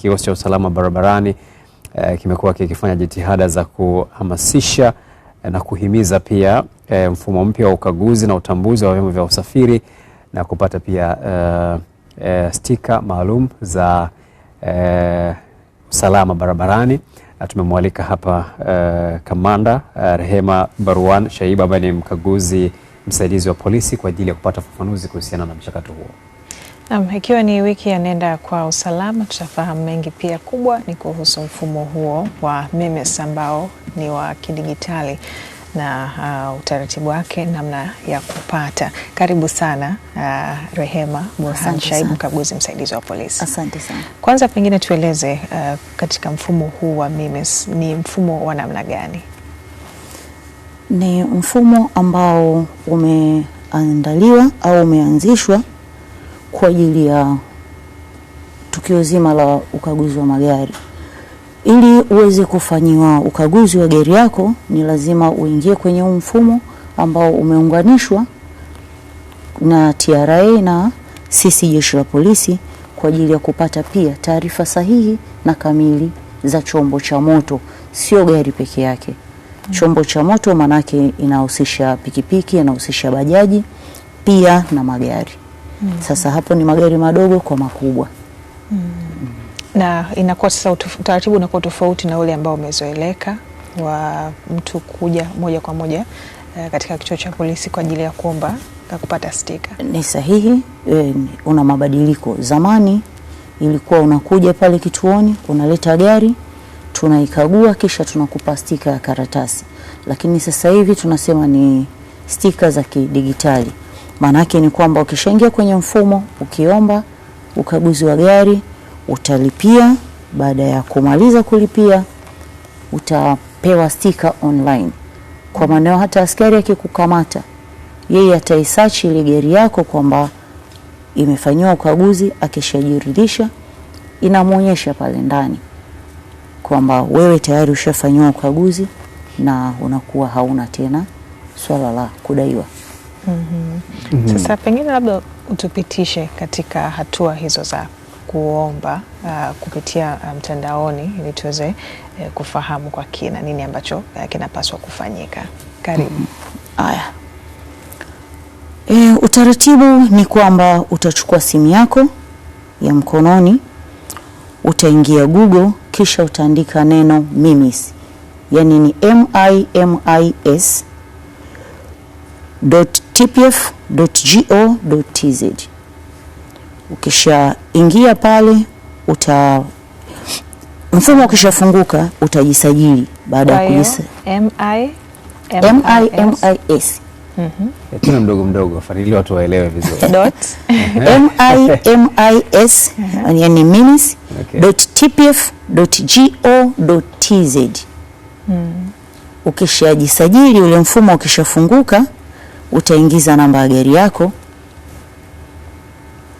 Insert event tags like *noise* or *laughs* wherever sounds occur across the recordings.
kikosi cha usalama barabarani e, kimekuwa kikifanya jitihada za kuhamasisha e, na kuhimiza pia e, mfumo mpya wa ukaguzi na utambuzi wa vyombo vya usafiri na kupata pia e, e, stika maalum za e, usalama barabarani na tumemwalika hapa e, kamanda e, Rehema Baruan Shaiba ambaye ni mkaguzi msaidizi wa polisi kwa ajili ya kupata ufafanuzi kuhusiana na mchakato huo. Naam, ikiwa ni wiki ya nenda kwa usalama, tutafahamu mengi pia. Kubwa ni kuhusu mfumo huo wa MEMES ambao ni wa kidigitali na uh, utaratibu wake namna ya kupata. Karibu sana uh, Rehema Burhan Shaibu, mkaguzi msaidizi wa polisi. Asante sana. Kwanza pengine tueleze uh, katika mfumo huu wa MEMES ni mfumo wa namna gani? Ni mfumo ambao umeandaliwa au umeanzishwa kwa ajili ya tukio zima la ukaguzi wa magari. Ili uweze kufanyiwa ukaguzi wa gari yako, ni lazima uingie kwenye mfumo ambao umeunganishwa na TRA na sisi Jeshi la Polisi kwa ajili ya kupata pia taarifa sahihi na kamili za chombo cha moto, sio gari peke yake. Chombo cha moto maanake inahusisha pikipiki, inahusisha bajaji pia na magari. Mm. Sasa hapo ni magari madogo kwa makubwa. Mm. Na inakuwa sasa utaratibu unakuwa tofauti na ule ambao umezoeleka wa mtu kuja moja kwa moja uh, katika kituo cha polisi kwa ajili ya kuomba na kupata stika. Ni sahihi, eh, una mabadiliko. Zamani ilikuwa unakuja pale kituoni, unaleta gari, tunaikagua kisha tunakupa stika ya karatasi. Lakini sasa hivi tunasema ni stika za kidigitali. Maanake ni kwamba ukishaingia kwenye mfumo, ukiomba ukaguzi wa gari utalipia. Baada ya kumaliza kulipia, utapewa stika online. Kwa maana hata askari akikukamata, yeye ataisachi ile gari yako kwamba imefanyiwa ukaguzi. Akishajiridhisha, inamwonyesha pale ndani kwamba wewe tayari ushafanyiwa ukaguzi na unakuwa hauna tena swala la kudaiwa mm -hmm. Mm -hmm. Sasa pengine labda utupitishe katika hatua hizo za kuomba uh, kupitia uh, mtandaoni um, ili tuweze uh, kufahamu kwa kina nini ambacho uh, kinapaswa kufanyika. Karibu. Haya. Mm-hmm. E, eh, utaratibu ni kwamba utachukua simu yako ya mkononi, utaingia Google, kisha utaandika neno MIMIS, yaani ni M I M I S tpf.go.tz. Ukishaingia pale uta mfumo ukishafunguka utajisajili. Baada ya kujis mhm. tuna mdogo mdogo ili watu waelewe vizuri, MIMIS *laughs* *laughs* mhm. yani minis dot tpf dot go dot tz. Mhm. Ukishajisajili ule mfumo ukishafunguka utaingiza namba ya gari yako.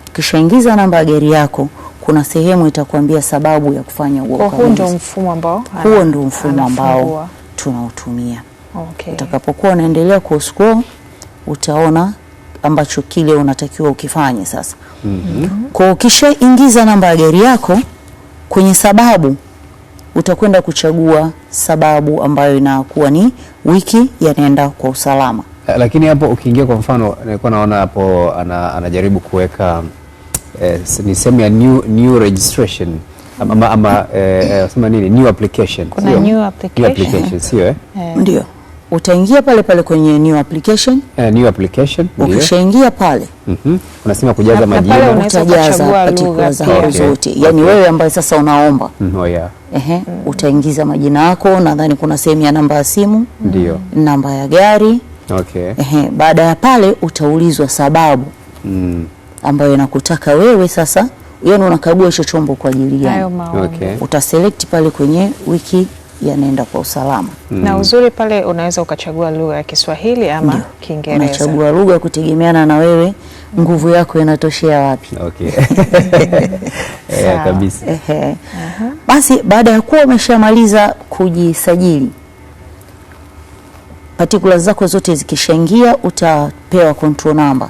Ukishaingiza namba ya gari yako, kuna sehemu itakuambia sababu ya kufanya huo ukaguzi. Huo ndio mfumo ambao, huo ndio mfumo ambao tunautumia. Okay. Utakapokuwa unaendelea kuscroll utaona ambacho kile unatakiwa ukifanye sasa. mm -hmm. Kwa ukishaingiza namba ya gari yako kwenye sababu, utakwenda kuchagua sababu ambayo inakuwa ni wiki yanaenda kwa usalama. Lakini hapo ukiingia kwa mfano, nilikuwa naona hapo ana, anajaribu kuweka eh, ni sehemu ya new, new registration ama, ama eh, eh, sema nini new application, kuna New application, new application sio eh? Eh. Ndio utaingia pale pale kwenye new application eh, new application. Ukishaingia pale mhm, unasema kujaza majina, utajaza katika zao zote, yani wewe ambaye sasa unaomba mm, oh yeah. Ehe, mm. Utaingiza majina yako, nadhani kuna sehemu ya namba ya simu, ndio namba ya gari okay. Ehe, baada ya pale utaulizwa sababu mm. ambayo inakutaka wewe sasa, yani unakagua hicho chombo kwa ajili gani okay. Utaselect pale kwenye wiki yanaenda kwa usalama mm. na uzuri pale unaweza ukachagua lugha ya Kiswahili ama Kiingereza. Unachagua lugha kutegemeana na wewe nguvu yako inatoshea wapi. Okay. yeah, *laughs* *laughs* kabisa. Ehe. Uh -huh. Basi baada ya kuwa umeshamaliza kujisajili Patikula zako zote zikishaingia, utapewa control number.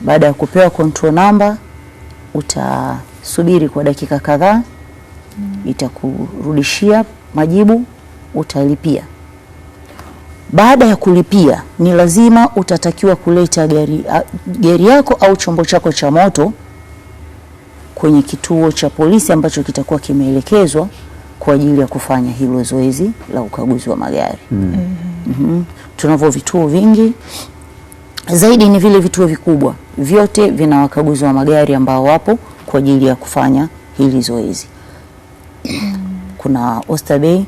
Baada ya kupewa control number, utasubiri kwa dakika kadhaa, itakurudishia majibu, utalipia. Baada ya kulipia, ni lazima utatakiwa kuleta gari, gari yako au chombo chako cha moto kwenye kituo cha polisi ambacho kitakuwa kimeelekezwa kwa ajili ya kufanya hilo zoezi la ukaguzi wa magari mm. Mm -hmm. Tunavyo vituo vingi zaidi, ni vile vituo vikubwa vyote vina wakaguzi wa magari ambao wapo kwa ajili ya kufanya hili zoezi mm. *clears throat* Kuna Oyster Bay,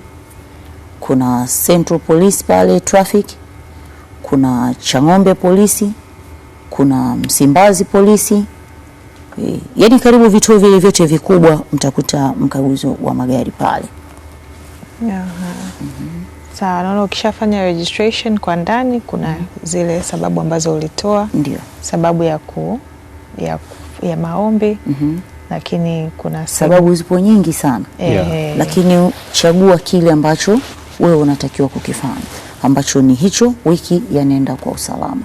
kuna Central Police pale traffic, kuna Chang'ombe polisi, kuna Msimbazi polisi yaani karibu vituo vile vyote vikubwa mtakuta mkaguzi wa magari pale. Sawa, naona ukishafanya registration kwa ndani kuna zile sababu ambazo ulitoa ndio sababu ya, ku, ya, ya maombi mm -hmm. lakini kuna sababu zipo nyingi sana yeah. Lakini chagua kile ambacho wewe unatakiwa kukifanya ambacho ni hicho wiki yanaenda kwa usalama. mm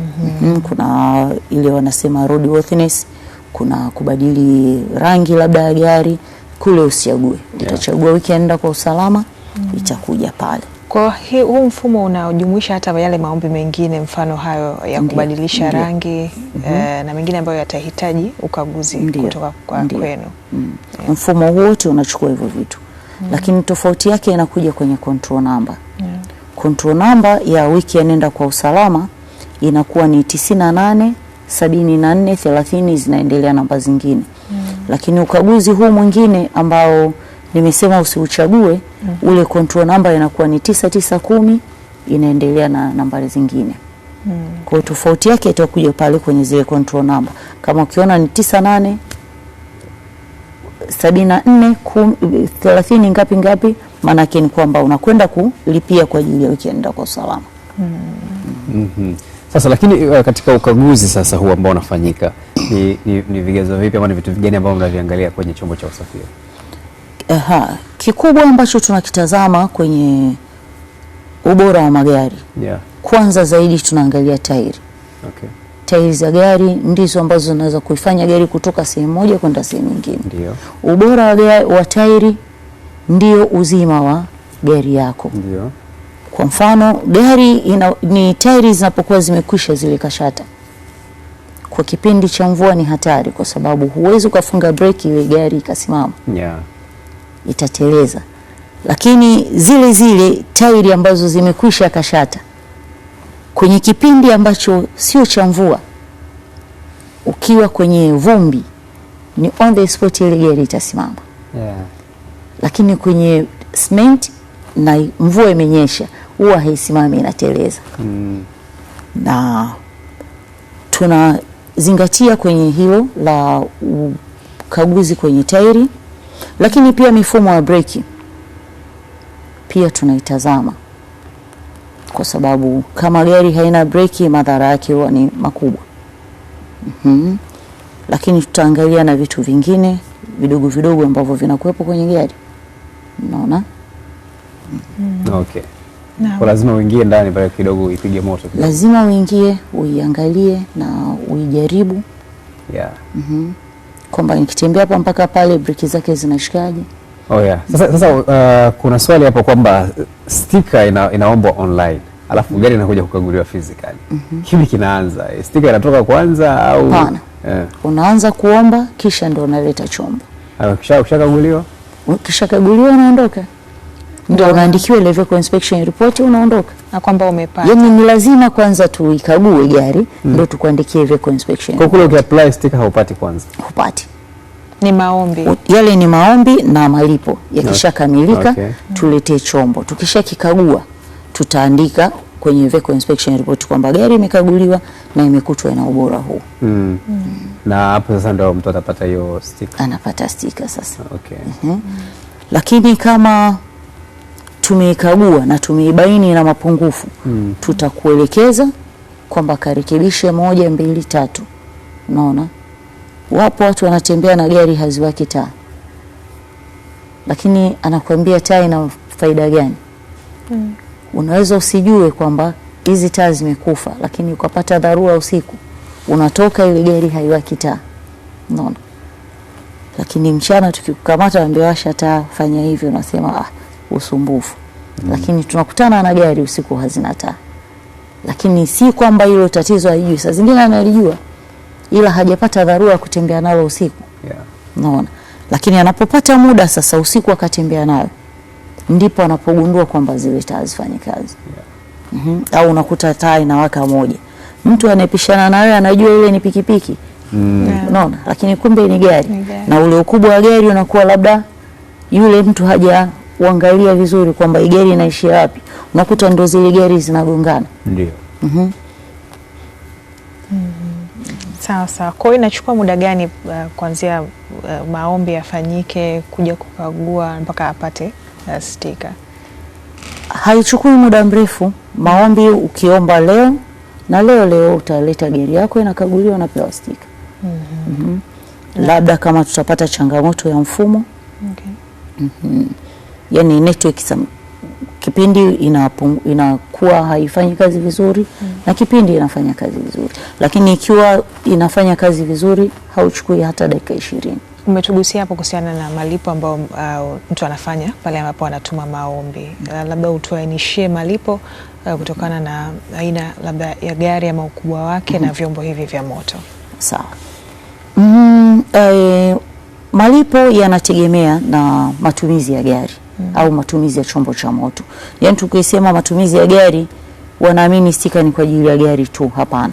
-hmm. Mm -hmm. Kuna ile wanasema roadworthiness kuna kubadili rangi labda ya gari kule, usiague yeah. Utachagua ukienda kwa usalama mm. Itakuja pale kwa huu mfumo unajumuisha hata yale maombi mengine, mfano hayo ya kubadilisha Ndiyo. rangi mm -hmm. e, na mengine ambayo yatahitaji ukaguzi Ndiyo. kutoka kwa Ndiyo. kwenu mm. yeah. Mfumo wote unachukua hivyo vitu mm. Lakini tofauti yake inakuja kwenye control number yeah. Control number ya wiki ya nenda kwa usalama inakuwa ni tisini na nane sabini na nne thelathini zinaendelea namba zingine mm. Lakini ukaguzi huu mwingine ambao nimesema usiuchague mm. Ule control namba inakuwa ni tisa tisa kumi inaendelea na nambari zingine mm. Kwa tofauti yake itakuja pale kwenye zile control namba, kama ukiona ni tisa nane sabini na nne thelathini ngapi ngapi, maanake ni kwamba unakwenda kulipia kwa ajili ya wiki ya nenda kwa usalama mm. mm -hmm. Sasa lakini uh, katika ukaguzi sasa huu ambao unafanyika ni, ni, ni vigezo vipi ama ni vitu vigani ambavyo mnaviangalia kwenye chombo cha usafiri? Aha, kikubwa ambacho tunakitazama kwenye ubora wa magari yeah. Kwanza zaidi tunaangalia tairi okay. Tairi za gari ndizo ambazo zinaweza kuifanya gari kutoka sehemu moja kwenda sehemu nyingine. Ubora wa, wa tairi ndio uzima wa gari yako. Ndiyo. Kwa mfano gari ina, ni tairi zinapokuwa zimekwisha zile kashata, kwa kipindi cha mvua ni hatari, kwa sababu huwezi ukafunga breki ile gari ikasimama, yeah. Itateleza. Lakini zile zile tairi ambazo zimekwisha kashata kwenye kipindi ambacho sio cha mvua, ukiwa kwenye vumbi, ni on the spot ile gari itasimama, yeah. Lakini kwenye cement na mvua imenyesha huwa haisimami inateleza mm. na tunazingatia kwenye hilo la ukaguzi kwenye tairi, lakini pia mifumo ya breki pia tunaitazama, kwa sababu kama gari haina breki madhara yake huwa ni makubwa mm -hmm. Lakini tutaangalia na vitu vingine vidogo vidogo ambavyo vinakuwepo kwenye gari, unaona mm. Okay kwa lazima uingie ndani pale kidogo, uipige moto kidogo. Lazima uingie uiangalie na uijaribu yeah. mm -hmm. kwamba nikitembea hapa mpaka pale breki zake zinashikaje? oh, yeah. Sasa, sasa uh, kuna swali hapo kwamba stika ina, inaombwa online alafu gari inakuja kukaguliwa physically mm -hmm. Kipi kinaanza, eh, stika inatoka kwanza au yeah. Unaanza kuomba kisha ndo unaleta chombo, ah, kisha ukishakaguliwa, ukishakaguliwa unaondoka ndio unaandikiwa ile vehicle inspection report unaondoka, na kwamba umepata. Yaani ni lazima kwanza tuikague gari mm. ndio tukuandikie vehicle inspection. Kwa kule ukiapply sticker haupati kwanza. Hupati. Ni maombi. U, Yale ni maombi na malipo yakishakamilika, okay. Hmm. Tuletee chombo, tukishakikagua tutaandika kwenye vehicle inspection report kwamba gari imekaguliwa na imekutwa ina ubora huu mm. Mm. Na hapo sasa ndio mtu atapata hiyo stika, anapata stika sasa okay. uh mhm. -huh. Lakini kama tumeikagua na tumeibaini na mapungufu mm. tutakuelekeza kwamba karekebishe moja mbili tatu. Unaona, wapo watu wanatembea na gari haziwaki taa, lakini anakuambia taa ina faida gani? mm. unaweza usijue kwamba hizi taa zimekufa, lakini ukapata dharura usiku, unatoka ile gari haiwaki taa. Unaona, lakini mchana tukikukamata, ambiwasha taa, fanya hivyo, unasema ah usumbufu mm. Lakini tunakutana na gari usiku hazina taa, lakini si kwamba hilo tatizo haijui, saa zingine analijua, ila hajapata dharura kutembea nalo usiku yeah. Naona, lakini anapopata muda sasa usiku akatembea nayo ndipo anapogundua kwamba zile taa zifanye kazi yeah. mm -hmm. Au unakuta taa inawaka moja, mtu anayepishana nayo anajua ile ni pikipiki mm. yeah. Naona, lakini kumbe ni gari yeah. Na ule ukubwa wa gari unakuwa labda yule mtu haja uangalia vizuri kwamba gari inaishia wapi, unakuta ndo zile gari zinagongana. Ndio. Mhm. Mm Sawa sawa. Kwa hiyo inachukua muda gani uh, kuanzia uh, maombi yafanyike kuja kukagua mpaka apate uh, stika? Haichukui muda mrefu. Maombi ukiomba leo na leo leo utaleta gari yako inakaguliwa na pewa stika. mm -hmm. mm -hmm. Labda kama tutapata changamoto ya mfumo. okay. mm -hmm yani network sam, kipindi inapu, inakuwa haifanyi kazi vizuri mm. na kipindi inafanya kazi vizuri, lakini ikiwa inafanya kazi vizuri hauchukui hata dakika ishirini. Umetugusia hapo kuhusiana na malipo ambayo uh, mtu anafanya pale ambapo anatuma maombi mm. labda utuainishie malipo uh, kutokana na aina labda ya gari ama ukubwa wake mm -hmm. na vyombo hivi vya moto sawa. mm, uh, Malipo yanategemea na matumizi ya gari mm. au matumizi ya chombo cha moto. Yaani tukisema matumizi ya gari, wanaamini stika ni kwa ajili ya gari tu. Hapana,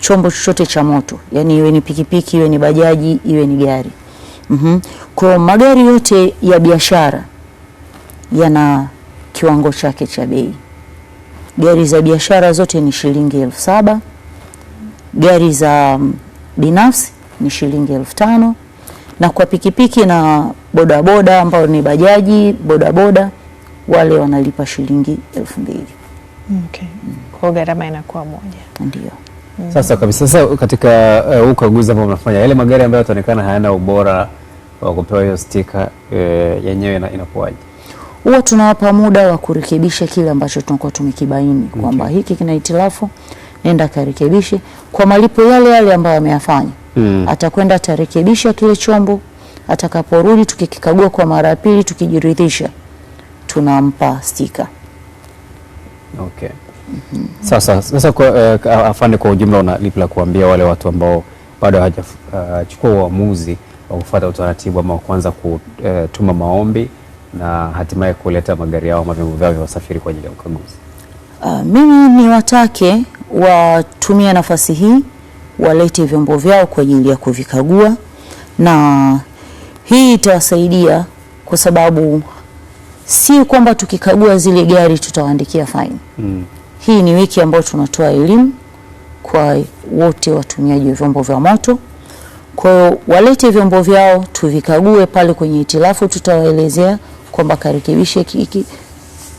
chombo chochote cha moto, yaani iwe ni pikipiki, iwe ni bajaji, iwe ni gari mm -hmm. Kwa magari yote ya biashara yana kiwango chake cha bei. Gari za biashara zote ni shilingi elfu saba, gari za mm, binafsi ni shilingi elfu tano na kwa pikipiki na bodaboda ambao ni bajaji bodaboda wale wanalipa shilingi elfu mbili. Okay. Mm. gharama inakuwa moja. Ndio. Mm. Sasa kabisa sasa katika uh, ukaguzi ambao mnafanya yale magari ambayo yataonekana hayana ubora wa kupewa hiyo stika uh, yenyewe inakuwaje? Huwa tunawapa muda wa kurekebisha kile ambacho tunakuwa tumekibaini okay, kwamba hiki kina hitilafu, nenda karekebishe kwa malipo yale yale ambayo ameyafanya mm. Atakwenda atarekebisha kile chombo, atakaporudi tukikikagua kwa mara ya pili, tukijiridhisha tunampa stika. Okay. Mm -hmm. Sasa sasa eh, afande, kwa ujumla una lipi la kuambia wale watu ambao bado hawajachukua eh, uh, uamuzi wa kufuata utaratibu ama kuanza kutuma eh, maombi na hatimaye kuleta magari yao ama vyombo vyao vya usafiri kwa ajili ya ukaguzi? Uh, mimi watake watumie nafasi hii walete vyombo vyao kwa ajili ya kuvikagua, na hii itawasaidia kwa sababu si kwamba tukikagua zile gari tutawaandikia faini mm. Hii ni wiki ambayo tunatoa elimu kwa wote watumiaji wa vyombo vya moto. Kwa hiyo walete vyombo vyao tuvikague, pale kwenye itilafu, tutawaelezea kwamba karekebishe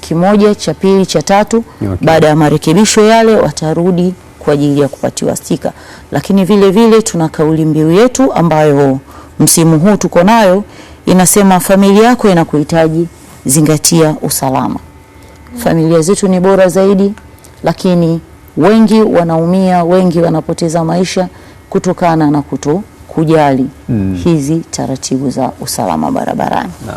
kimoja, cha pili, cha tatu. Okay. Baada ya marekebisho yale watarudi kwa ajili ya kupatiwa stika, lakini vile vile tuna kauli mbiu yetu ambayo msimu huu tuko nayo inasema, familia yako inakuhitaji, zingatia usalama. Familia zetu ni bora zaidi, lakini wengi wanaumia, wengi wanapoteza maisha kutokana na kuto kujali mm. hizi taratibu za usalama barabarani no.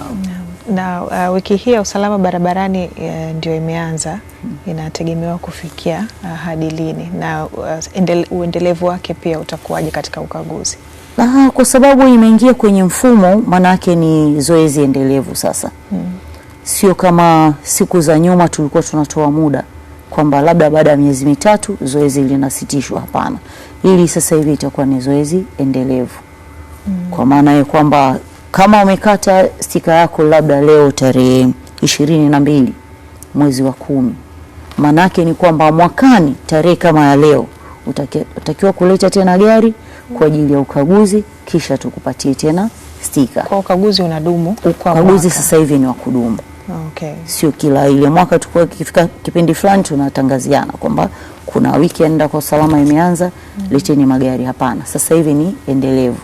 Na uh, wiki hii ya usalama barabarani uh, ndio imeanza, inategemewa kufikia uh, hadi lini na uh, endele, uendelevu wake pia utakuwaje katika ukaguzi? Aha, kwa sababu imeingia kwenye mfumo, maanake ni zoezi endelevu sasa hmm. Sio kama siku za nyuma tulikuwa tunatoa muda kwamba labda baada ya miezi mitatu zoezi linasitishwa. Hapana, hili sasa hivi itakuwa ni zoezi endelevu hmm. Kwa maana ya kwamba kama umekata stika yako labda leo tarehe ishirini na mbili mwezi wa kumi, maanake ni kwamba mwakani tarehe kama ya leo utakiwa kuleta tena gari kwa ajili ya ukaguzi, kisha tukupatie tena stika. Kwa ukaguzi unadumu, kwa ukaguzi mwaka. sasa hivi ni wa kudumu. Okay. Sio kila ile mwaka tukua kifika kipindi fulani tunatangaziana kwamba kuna wiki ya kwa usalama imeanza, mm -hmm. leteni magari. Hapana, sasa hivi ni endelevu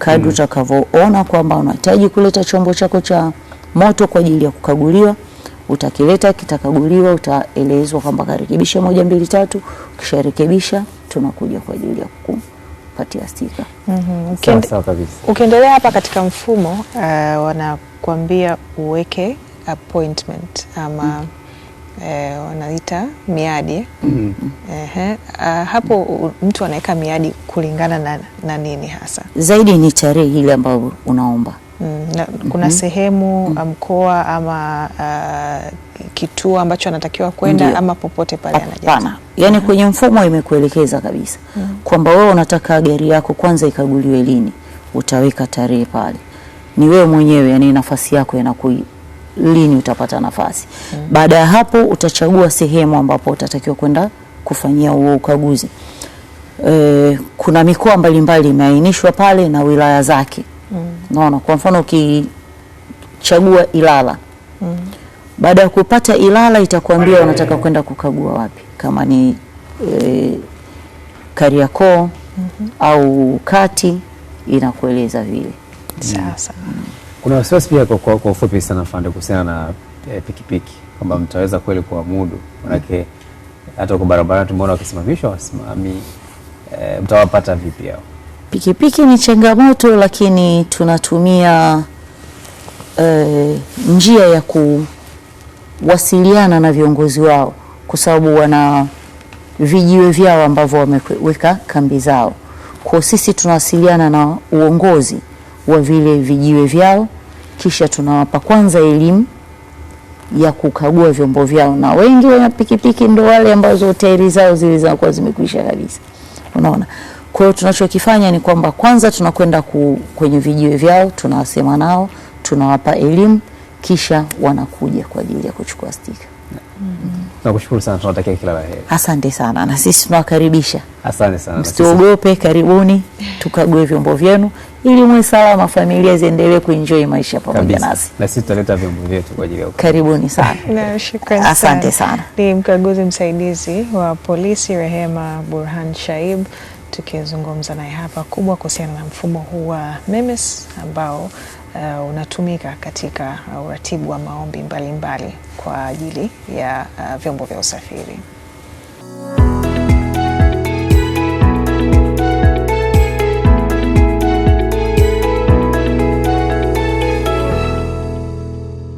kadri mm. utakavyoona kwamba unahitaji kuleta chombo chako cha moto kwa ajili ya kukaguliwa, utakileta kitakaguliwa, utaelezwa kwamba karekebisha moja mbili tatu. Ukisharekebisha tunakuja kwa ajili ya kukupatia stika. mm -hmm. Ukiendelea hapa katika mfumo uh, wanakuambia uweke appointment ama mm -hmm eh, wanaita miadi mm -hmm. eh, ah, hapo mtu anaweka miadi kulingana na, na nini hasa zaidi? Ni tarehe ile ambayo unaomba mm, na, kuna mm -hmm. sehemu mm-hmm. Ah, mkoa ama uh, kituo ambacho anatakiwa kwenda ama popote pale anajaza. yani mm -hmm. kwenye mfumo imekuelekeza kabisa mm -hmm. kwamba wewe unataka gari yako kwanza ikaguliwe lini, utaweka tarehe pale, ni wewe mwenyewe, yani nafasi yako inakuja lini utapata nafasi. Mm. Baada ya hapo utachagua sehemu ambapo utatakiwa kwenda kufanyia huo ukaguzi. E, kuna mikoa mbalimbali imeainishwa pale na wilaya zake. Mm. Naona kwa mfano ukichagua Ilala. Mm. Baada ya kupata Ilala itakuambia unataka kwenda kukagua wapi kama ni e, Kariakoo mm -hmm. au Kati inakueleza vile. Sasa. Mm. Kuna wasiwasi pia kwa, kwa ufupi sana Fande, kuhusiana na eh, pikipiki kwamba mtaweza kweli kuwamudu, manake hata huko barabarani tumeona wakisimamishwa wasimami e, mtawapata vipi hao? Pikipiki ni changamoto, lakini tunatumia e, njia ya kuwasiliana na viongozi wao kwa sababu wana vijiwe vyao ambavyo wameweka kambi zao. Kwa sisi tunawasiliana na uongozi wa vile vijiwe vyao, kisha tunawapa kwanza elimu ya kukagua vyombo vyao, na wengi wana pikipiki ndo wale ambazo tairi zao zile zinakuwa zimekwisha kabisa, unaona. Kwa hiyo tunachokifanya ni kwamba kwanza tunakwenda ku, kwenye vijiwe vyao, tunawasema nao, tunawapa elimu, kisha wanakuja kwa ajili ya kuchukua stika. mm -hmm. Nakushukuru sana, tunatakia kila la heri. Asante sana, na sisi tunawakaribisha. Asante sana, msiogope, karibuni tukague vyombo vyenu ili mwe salama, familia ziendelee kuenjoy maisha pamoja nasi, na sisi tutaleta vyombo vyetu kwa ajili yako. Karibuni sana *laughs* na shukrani, asante sana. Ni mkaguzi msaidizi wa polisi Rehema Burhan Shaib tukizungumza naye hapa kubwa kuhusiana na mfumo huu wa memes ambao uh, unatumika katika uratibu wa maombi mbalimbali mbali kwa ajili ya uh, vyombo vya usafiri.